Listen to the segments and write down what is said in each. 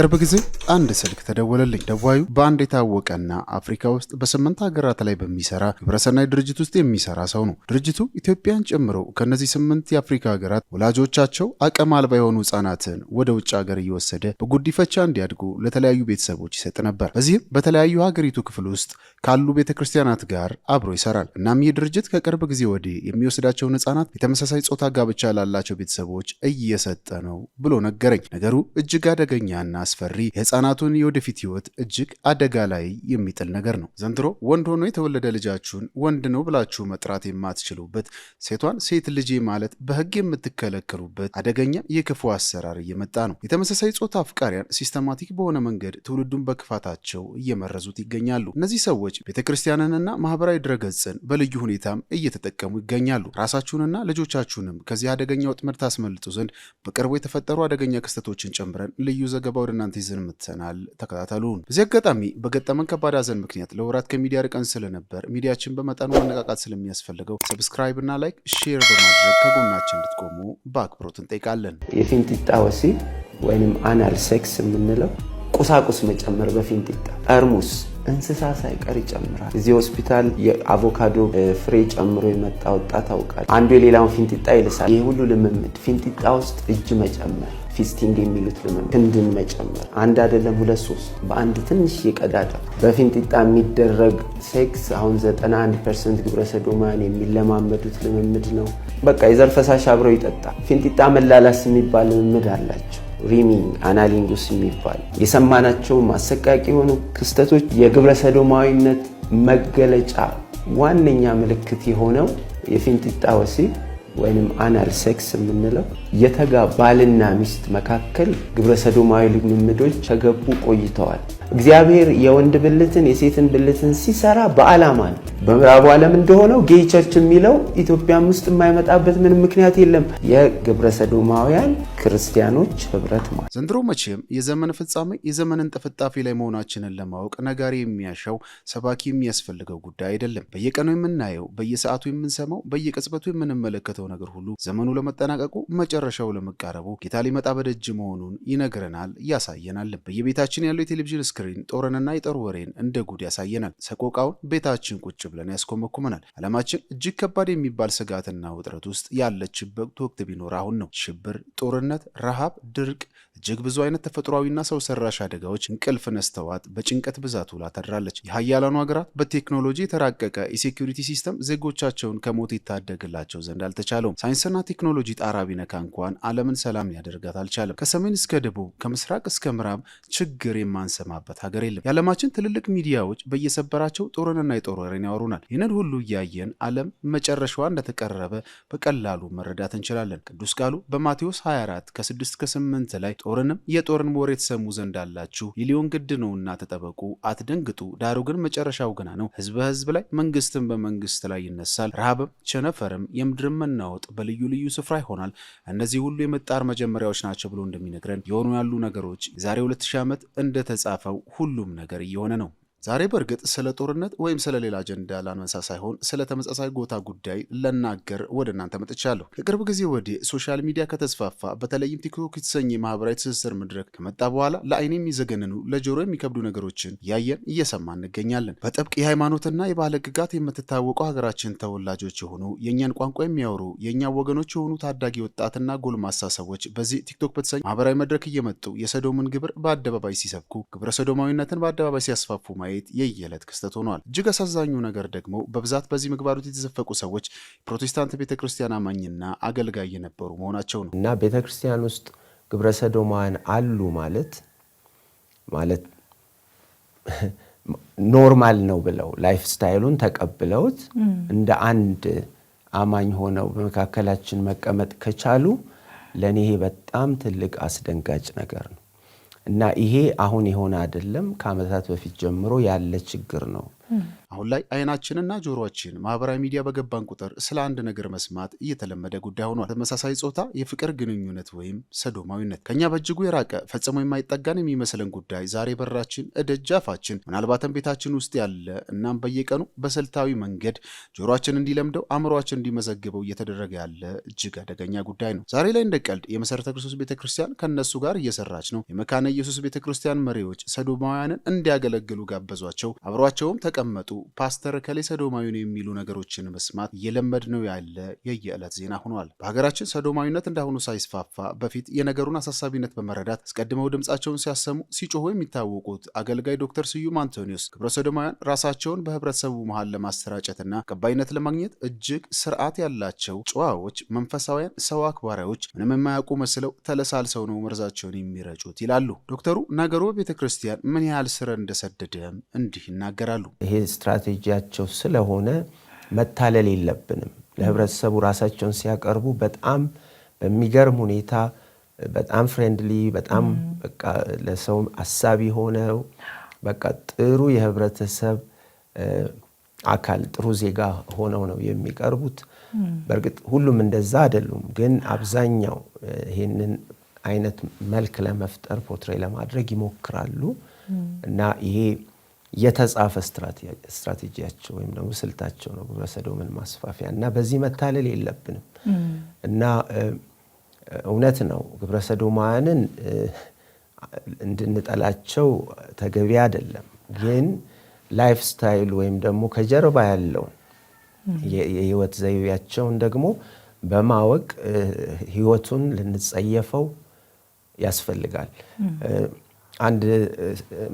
ቅርብ ጊዜ አንድ ስልክ ተደወለልኝ። ደዋዩ በአንድ የታወቀና አፍሪካ ውስጥ በስምንት ሀገራት ላይ በሚሰራ ግብረሰናይ ድርጅት ውስጥ የሚሰራ ሰው ነው። ድርጅቱ ኢትዮጵያን ጨምሮ ከእነዚህ ስምንት የአፍሪካ ሀገራት ወላጆቻቸው አቅም አልባ የሆኑ ህጻናትን ወደ ውጭ ሀገር እየወሰደ በጉዲፈቻ እንዲያድጉ ለተለያዩ ቤተሰቦች ይሰጥ ነበር። በዚህም በተለያዩ ሀገሪቱ ክፍል ውስጥ ካሉ ቤተ ክርስቲያናት ጋር አብሮ ይሰራል። እናም ይህ ድርጅት ከቅርብ ጊዜ ወዲህ የሚወስዳቸውን ህጻናት የተመሳሳይ ጾታ ጋብቻ ላላቸው ቤተሰቦች እየሰጠ ነው ብሎ ነገረኝ። ነገሩ እጅግ አደገኛና አስፈሪ፣ የህፃናቱን የወደፊት ህይወት እጅግ አደጋ ላይ የሚጥል ነገር ነው። ዘንድሮ ወንድ ሆኖ የተወለደ ልጃችሁን ወንድ ነው ብላችሁ መጥራት የማትችሉበት፣ ሴቷን ሴት ልጄ ማለት በህግ የምትከለከሉበት አደገኛ የክፉ አሰራር እየመጣ ነው። የተመሳሳይ ጾታ አፍቃሪያን ሲስተማቲክ በሆነ መንገድ ትውልዱን በክፋታቸው እየመረዙት ይገኛሉ። እነዚህ ሰዎች ቤተ ክርስቲያንንና ማህበራዊ ድረገጽን በልዩ ሁኔታም እየተጠቀሙ ይገኛሉ። ራሳችሁንና ልጆቻችሁንም ከዚህ አደገኛ ወጥመድ ታስመልጡ ዘንድ በቅርቡ የተፈጠሩ አደገኛ ክስተቶችን ጨምረን ልዩ ዘገባ ወደ እናንተ ይዘን መጥተናል። ተከታተሉን። በዚህ አጋጣሚ በገጠመን ከባድ አዘን ምክንያት ለወራት ከሚዲያ ርቀን ስለነበር ሚዲያችን በመጠኑ መነቃቃት ስለሚያስፈልገው ሰብስክራይብ እና ላይክ፣ ሼር በማድረግ ከጎናችን እንድትቆሙ በአክብሮት እንጠይቃለን። የፊንጢጣ ወሲብ ወይም አናል ሴክስ የምንለው ቁሳቁስ መጨመር በፊንጢጣ ጠርሙስ እንስሳ ሳይቀር ይጨምራል። እዚህ ሆስፒታል የአቮካዶ ፍሬ ጨምሮ የመጣ ወጣት ታውቃል። አንዱ የሌላውን ፊንጢጣ ይልሳል። ይህ ሁሉ ልምምድ ፊንጢጣ ውስጥ እጅ መጨመር ፊስቲንግ የሚሉት ልምምድ ክንድን መጨመር አንድ አይደለም ሁለት ሶስት በአንድ ትንሽ የቀዳዳ በፊንጢጣ የሚደረግ ሴክስ አሁን 91 ፐርሰንት ግብረሰዶማን የሚለማመዱት ልምምድ ነው። በቃ የዘር ፈሳሽ አብረው ይጠጣ። ፊንጢጣ መላላስ የሚባል ልምምድ አላቸው። ሪሚንግ አናሊንጉስ የሚባል የሰማናቸው አሰቃቂ የሆኑ ክስተቶች የግብረሰዶማዊነት መገለጫ ዋነኛ ምልክት የሆነው የፊንጢጣ ወሲብ ወይም አናል ሴክስ የምንለው የተጋ ባልና ሚስት መካከል ግብረሰዶማዊ ልምምዶች ተገቡ ቆይተዋል። እግዚአብሔር የወንድ ብልትን የሴትን ብልትን ሲሰራ በዓላማ ነው። በምዕራቡ ዓለም እንደሆነው ጌይ ቸርች የሚለው ኢትዮጵያም ውስጥ የማይመጣበት ምንም ምክንያት የለም። ሰዶማውያን ክርስቲያኖች ህብረት ማለት ዘንድሮ መቼም የዘመን ፍጻሜ የዘመንን ጥፍጣፊ ላይ መሆናችንን ለማወቅ ነጋሪ የሚያሻው ሰባኪ የሚያስፈልገው ጉዳይ አይደለም። በየቀኑ የምናየው፣ በየሰዓቱ የምንሰማው፣ በየቅጽበቱ የምንመለከተው ነገር ሁሉ ዘመኑ ለመጠናቀቁ መጨረሻው ለመቃረቡ ጌታ ሊመጣ በደጅ መሆኑን ይነግረናል፣ ያሳየናል። በየቤታችን ያለው የቴሌቪዥን ስክሪን ጦርንና የጦር ወሬን እንደ ጉድ ያሳየናል። ሰቆቃውን ቤታችን ቁጭ ብለን ያስኮመኩመናል። አለማችን እጅግ ከባድ የሚባል ስጋትና ውጥረት ውስጥ ያለችበት ወቅት ቢኖር አሁን ነው። ሽብር፣ ጦርነት ጦርነት፣ ረሃብ፣ ድርቅ እጅግ ብዙ አይነት ተፈጥሯዊና ሰው ሰራሽ አደጋዎች እንቅልፍ ነስተዋት በጭንቀት ብዛት ውላ ታድራለች። የሀያላኑ ሀገራት በቴክኖሎጂ የተራቀቀ የሴኩሪቲ ሲስተም ዜጎቻቸውን ከሞት ይታደግላቸው ዘንድ አልተቻለውም። ሳይንስና ቴክኖሎጂ ጣራ ቢነካ እንኳን ዓለምን ሰላም ሊያደርጋት አልቻለም። ከሰሜን እስከ ደቡብ፣ ከምስራቅ እስከ ምዕራብ ችግር የማንሰማበት ሀገር የለም። የዓለማችን ትልልቅ ሚዲያዎች በየሰበራቸው ጦርንና የጦር ወሬን ያወሩናል። ይህንን ሁሉ እያየን ዓለም መጨረሻዋ እንደተቀረበ በቀላሉ መረዳት እንችላለን። ቅዱስ ቃሉ በማቴዎስ 24 ከ6 ከ8 ላይ ጦርንም የጦርን ወሬ የተሰሙ ዘንድ አላችሁ ይሊዮን ግድ ነውና ተጠበቁ፣ አትደንግጡ። ዳሩ ግን መጨረሻው ገና ነው። ህዝብ በህዝብ ላይ መንግስትም በመንግስት ላይ ይነሳል። ረሃብም፣ ቸነፈርም፣ የምድርም መናወጥ በልዩ ልዩ ስፍራ ይሆናል። እነዚህ ሁሉ የመጣር መጀመሪያዎች ናቸው ብሎ እንደሚነግረን የሆኑ ያሉ ነገሮች የዛሬ 2000 ዓመት እንደተጻፈው ሁሉም ነገር እየሆነ ነው። ዛሬ በእርግጥ ስለ ጦርነት ወይም ስለ ሌላ አጀንዳ ላነሳ ሳይሆን ስለ ተመሳሳይ ጎታ ጉዳይ ለናገር ወደ እናንተ መጥቻለሁ። ከቅርብ ጊዜ ወዲህ ሶሻል ሚዲያ ከተስፋፋ በተለይም ቲክቶክ የተሰኘ ማህበራዊ ትስስር መድረክ ከመጣ በኋላ ለአይን የሚዘገንኑ ለጆሮ የሚከብዱ ነገሮችን እያየን እየሰማ እንገኛለን። በጥብቅ የሃይማኖትና የባህል ሕግጋት የምትታወቀው ሀገራችን ተወላጆች የሆኑ የእኛን ቋንቋ የሚያወሩ የእኛ ወገኖች የሆኑ ታዳጊ ወጣትና ጎልማሳ ሰዎች በዚህ ቲክቶክ በተሰኘ ማህበራዊ መድረክ እየመጡ የሰዶምን ግብር በአደባባይ ሲሰብኩ ግብረ ሰዶማዊነትን በአደባባይ ሲያስፋፉ ማየት ማየት የየዕለት ክስተት ሆኗል። እጅግ አሳዛኙ ነገር ደግሞ በብዛት በዚህ ምግባሮት የተዘፈቁ ሰዎች ፕሮቴስታንት ቤተ ክርስቲያን አማኝና አገልጋይ የነበሩ መሆናቸው ነው እና ቤተ ክርስቲያን ውስጥ ግብረ ሰዶማውያን አሉ ማለት ማለት ኖርማል ነው ብለው ላይፍ ስታይሉን ተቀብለውት እንደ አንድ አማኝ ሆነው በመካከላችን መቀመጥ ከቻሉ ለእኔ በጣም ትልቅ አስደንጋጭ ነገር ነው። እና ይሄ አሁን የሆነ አይደለም፣ ከአመታት በፊት ጀምሮ ያለ ችግር ነው። አሁን ላይ አይናችንና ጆሮችን ማህበራዊ ሚዲያ በገባን ቁጥር ስለ አንድ ነገር መስማት እየተለመደ ጉዳይ ሆኗል። ተመሳሳይ ጾታ የፍቅር ግንኙነት ወይም ሰዶማዊነት ከኛ በእጅጉ የራቀ ፈጽሞ የማይጠጋን የሚመስለን ጉዳይ ዛሬ በራችን እደጃፋችን ምናልባትም ቤታችን ውስጥ ያለ እናም በየቀኑ በስልታዊ መንገድ ጆሮችን እንዲለምደው አእምሯችን እንዲመዘግበው እየተደረገ ያለ እጅግ አደገኛ ጉዳይ ነው። ዛሬ ላይ እንደ ቀልድ የመሰረተ ክርስቶስ ቤተክርስቲያን ከእነሱ ጋር እየሰራች ነው። የመካነ ኢየሱስ ቤተክርስቲያን መሪዎች ሰዶማውያንን እንዲያገለግሉ ጋበዟቸው፣ አብሯቸውም ተቀመጡ ፓስተር ከሌ ሰዶማዊ ነው የሚሉ ነገሮችን መስማት ነው ያለ የየዕለት ዜና ሆኗል። በሀገራችን ሰዶማዊነት እንዳሁኑ ሳይስፋፋ በፊት የነገሩን አሳሳቢነት በመረዳት አስቀድመው ድምፃቸውን ሲያሰሙ ሲጮሁ የሚታወቁት አገልጋይ ዶክተር ስዩም አንቶኒዮስ ግብረ ሰዶማውያን ራሳቸውን በህብረተሰቡ መሀል ለማሰራጨትና ቀባይነት ለማግኘት እጅግ ስርዓት ያላቸው ጨዋዎች፣ መንፈሳውያን ሰው አክባሪዎች ምንም የማያውቁ መስለው ተለሳልሰው ነው መርዛቸውን የሚረጩት ይላሉ። ዶክተሩ ነገሩ በቤተ ክርስቲያን ምን ያህል ስር እንደሰደደም እንዲህ ይናገራሉ። ስትራቴጂያቸው ስለሆነ መታለል የለብንም። ለህብረተሰቡ ራሳቸውን ሲያቀርቡ በጣም በሚገርም ሁኔታ በጣም ፍሬንድሊ፣ በጣም በቃ ለሰው አሳቢ ሆነው በቃ ጥሩ የህብረተሰብ አካል ጥሩ ዜጋ ሆነው ነው የሚቀርቡት። በእርግጥ ሁሉም እንደዛ አይደሉም፣ ግን አብዛኛው ይህንን አይነት መልክ ለመፍጠር ፖትሬ ለማድረግ ይሞክራሉ እና ይሄ የተጻፈ ስትራቴጂያቸው ወይም ደግሞ ስልታቸው ነው በሰዶምን ማስፋፊያ እና በዚህ መታለል የለብንም እና እውነት ነው ግብረ ሰዶማውያንን እንድንጠላቸው ተገቢ አይደለም። ግን ላይፍ ስታይል ወይም ደግሞ ከጀርባ ያለውን የህይወት ዘይቤያቸውን ደግሞ በማወቅ ህይወቱን ልንጸየፈው ያስፈልጋል። አንድ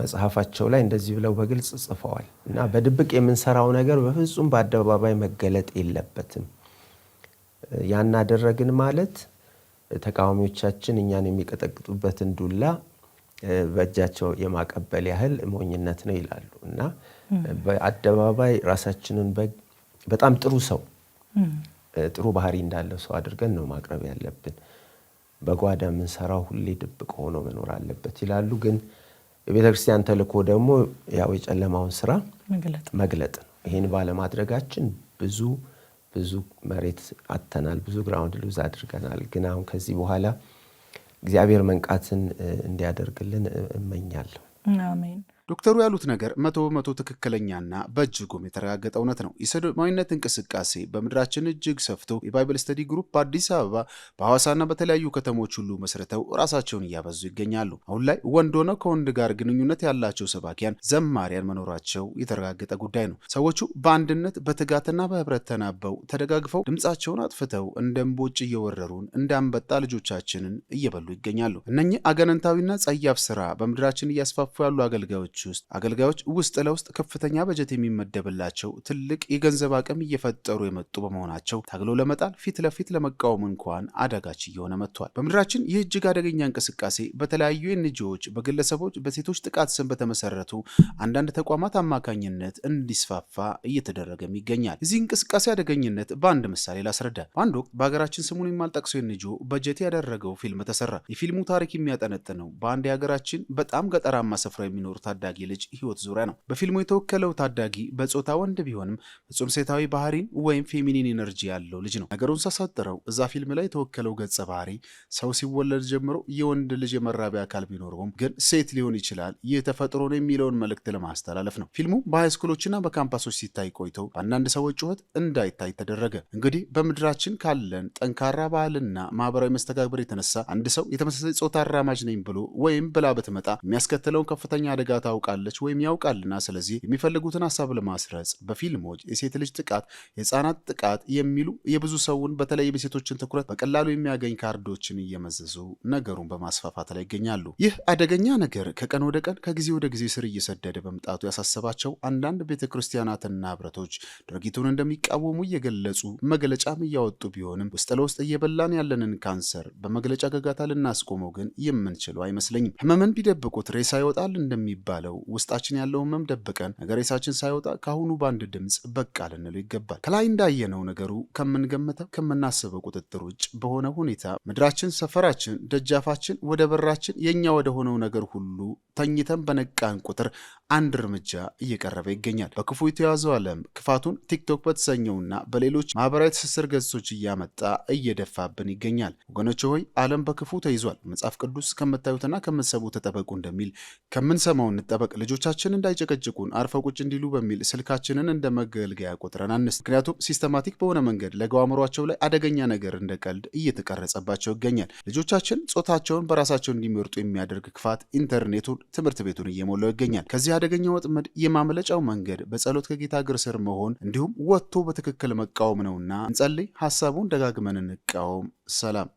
መጽሐፋቸው ላይ እንደዚህ ብለው በግልጽ ጽፈዋል እና በድብቅ የምንሰራው ነገር በፍጹም በአደባባይ መገለጥ የለበትም። ያናደረግን ማለት ተቃዋሚዎቻችን እኛን የሚቀጠቅጡበትን ዱላ በእጃቸው የማቀበል ያህል ሞኝነት ነው ይላሉ እና በአደባባይ ራሳችንን በጣም ጥሩ ሰው ጥሩ ባህሪ እንዳለው ሰው አድርገን ነው ማቅረብ ያለብን። በጓዳ የምንሰራው ሁሌ ድብቅ ሆኖ መኖር አለበት ይላሉ። ግን የቤተ ክርስቲያን ተልእኮ ደግሞ ያው የጨለማውን ስራ መግለጥ ነው። ይህን ባለማድረጋችን ብዙ ብዙ መሬት አጥተናል፣ ብዙ ግራውንድ ሉዝ አድርገናል። ግን አሁን ከዚህ በኋላ እግዚአብሔር መንቃትን እንዲያደርግልን እመኛለሁ። አሜን። ዶክተሩ ያሉት ነገር መቶ በመቶ ትክክለኛና በእጅጉም የተረጋገጠ እውነት ነው። የሰዶማዊነት እንቅስቃሴ በምድራችን እጅግ ሰፍቶ የባይብል ስተዲ ግሩፕ በአዲስ አበባ በሐዋሳና በተለያዩ ከተሞች ሁሉ መስርተው ራሳቸውን እያበዙ ይገኛሉ። አሁን ላይ ወንድ ሆነው ከወንድ ጋር ግንኙነት ያላቸው ሰባኪያን፣ ዘማሪያን መኖራቸው የተረጋገጠ ጉዳይ ነው። ሰዎቹ በአንድነት በትጋትና በህብረት ተናበው ተደጋግፈው ድምፃቸውን አጥፍተው እንደ እምቦጭ እየወረሩን እንደ አንበጣ ልጆቻችንን እየበሉ ይገኛሉ። እነኚህ አገነንታዊና ጸያፍ ስራ በምድራችን እያስፋፉ ያሉ አገልጋዮች ድርጅቶች ውስጥ አገልጋዮች ውስጥ ለውስጥ ከፍተኛ በጀት የሚመደብላቸው ትልቅ የገንዘብ አቅም እየፈጠሩ የመጡ በመሆናቸው ታግሎ ለመጣል ፊት ለፊት ለመቃወም እንኳን አዳጋች እየሆነ መጥቷል። በምድራችን ይህ እጅግ አደገኛ እንቅስቃሴ በተለያዩ ኤንጂኦዎች፣ በግለሰቦች፣ በሴቶች ጥቃት ስም በተመሰረቱ አንዳንድ ተቋማት አማካኝነት እንዲስፋፋ እየተደረገም ይገኛል። እዚህ እንቅስቃሴ አደገኝነት በአንድ ምሳሌ ላስረዳ። በአንድ ወቅት በሀገራችን ስሙን የማልጠቅሰው ኤንጂኦ በጀት ያደረገው ፊልም ተሰራ። የፊልሙ ታሪክ የሚያጠነጥነው በአንድ የሀገራችን በጣም ገጠራማ ስፍራ የሚኖሩ ታዳ ታዳጊ ልጅ ህይወት ዙሪያ ነው። በፊልሙ የተወከለው ታዳጊ በጾታ ወንድ ቢሆንም ፍጹም ሴታዊ ባህሪን ወይም ፌሚኒን ኤነርጂ ያለው ልጅ ነው። ነገሩን ሳሳጥረው እዛ ፊልም ላይ የተወከለው ገጸ ባህሪ ሰው ሲወለድ ጀምሮ የወንድ ልጅ የመራቢያ አካል ቢኖረውም ግን ሴት ሊሆን ይችላል፣ ይህ ተፈጥሮ ነው የሚለውን መልእክት ለማስተላለፍ ነው። ፊልሙ በሃይስኩሎችና በካምፓሶች ሲታይ ቆይቶ አንዳንድ ሰዎች ጩኸት እንዳይታይ ተደረገ። እንግዲህ በምድራችን ካለን ጠንካራ ባህልና ማህበራዊ መስተጋብር የተነሳ አንድ ሰው የተመሳሳይ ጾታ አራማጅ ነኝ ብሎ ወይም ብላ ብትመጣ የሚያስከትለውን ከፍተኛ አደጋ ታውቃለች ወይም ያውቃልና ስለዚህ የሚፈልጉትን ሀሳብ ለማስረጽ በፊልሞች የሴት ልጅ ጥቃት፣ የህፃናት ጥቃት የሚሉ የብዙ ሰውን በተለይም የሴቶችን ትኩረት በቀላሉ የሚያገኝ ካርዶችን እየመዘዙ ነገሩን በማስፋፋት ላይ ይገኛሉ። ይህ አደገኛ ነገር ከቀን ወደ ቀን ከጊዜ ወደ ጊዜ ስር እየሰደደ በመምጣቱ ያሳሰባቸው አንዳንድ ቤተ ክርስቲያናትና ህብረቶች ድርጊቱን እንደሚቃወሙ እየገለጹ መግለጫም እያወጡ ቢሆንም ውስጥ ለውስጥ እየበላን ያለንን ካንሰር በመግለጫ ገጋታ ልናስቆመው ግን የምንችለው አይመስለኝም። ህመምን ቢደብቁት ሬሳ ይወጣል እንደሚባል ባለው ውስጣችን ያለውን መም ደብቀን ነገሬሳችን ሳይወጣ ከአሁኑ በአንድ ድምፅ በቃ ልንለው ይገባል። ከላይ እንዳየነው ነገሩ ከምንገምተው ከምናስበው ቁጥጥር ውጭ በሆነ ሁኔታ ምድራችን፣ ሰፈራችን፣ ደጃፋችን፣ ወደ በራችን የእኛ ሆነው ነገር ሁሉ ተኝተን በነቃን ቁጥር አንድ እርምጃ እየቀረበ ይገኛል። በክፉ የተያዘው ዓለም ክፋቱን ቲክቶክ በተሰኘውና በሌሎች ማህበራዊ ትስስር ገጾች እያመጣ እየደፋብን ይገኛል። ወገኖች ሆይ ዓለም በክፉ ተይዟል። መጽሐፍ ቅዱስ ከምታዩትና ከምትሰቡ ተጠበቁ እንደሚል ከምንሰማው በመጠበቅ ልጆቻችን እንዳይጨቀጭቁን አርፈው ቁጭ እንዲሉ በሚል ስልካችንን እንደ መገልገያ ቆጥረን አንስ። ምክንያቱም ሲስተማቲክ በሆነ መንገድ ለገው አእምሯቸው ላይ አደገኛ ነገር እንደ ቀልድ እየተቀረጸባቸው ይገኛል። ልጆቻችን ጾታቸውን በራሳቸው እንዲመርጡ የሚያደርግ ክፋት ኢንተርኔቱን፣ ትምህርት ቤቱን እየሞላው ይገኛል። ከዚህ አደገኛ ወጥመድ የማምለጫው መንገድ በጸሎት ከጌታ እግር ስር መሆን እንዲሁም ወጥቶ በትክክል መቃወም ነውና እንጸልይ፣ ሀሳቡን ደጋግመን እንቃወም። ሰላም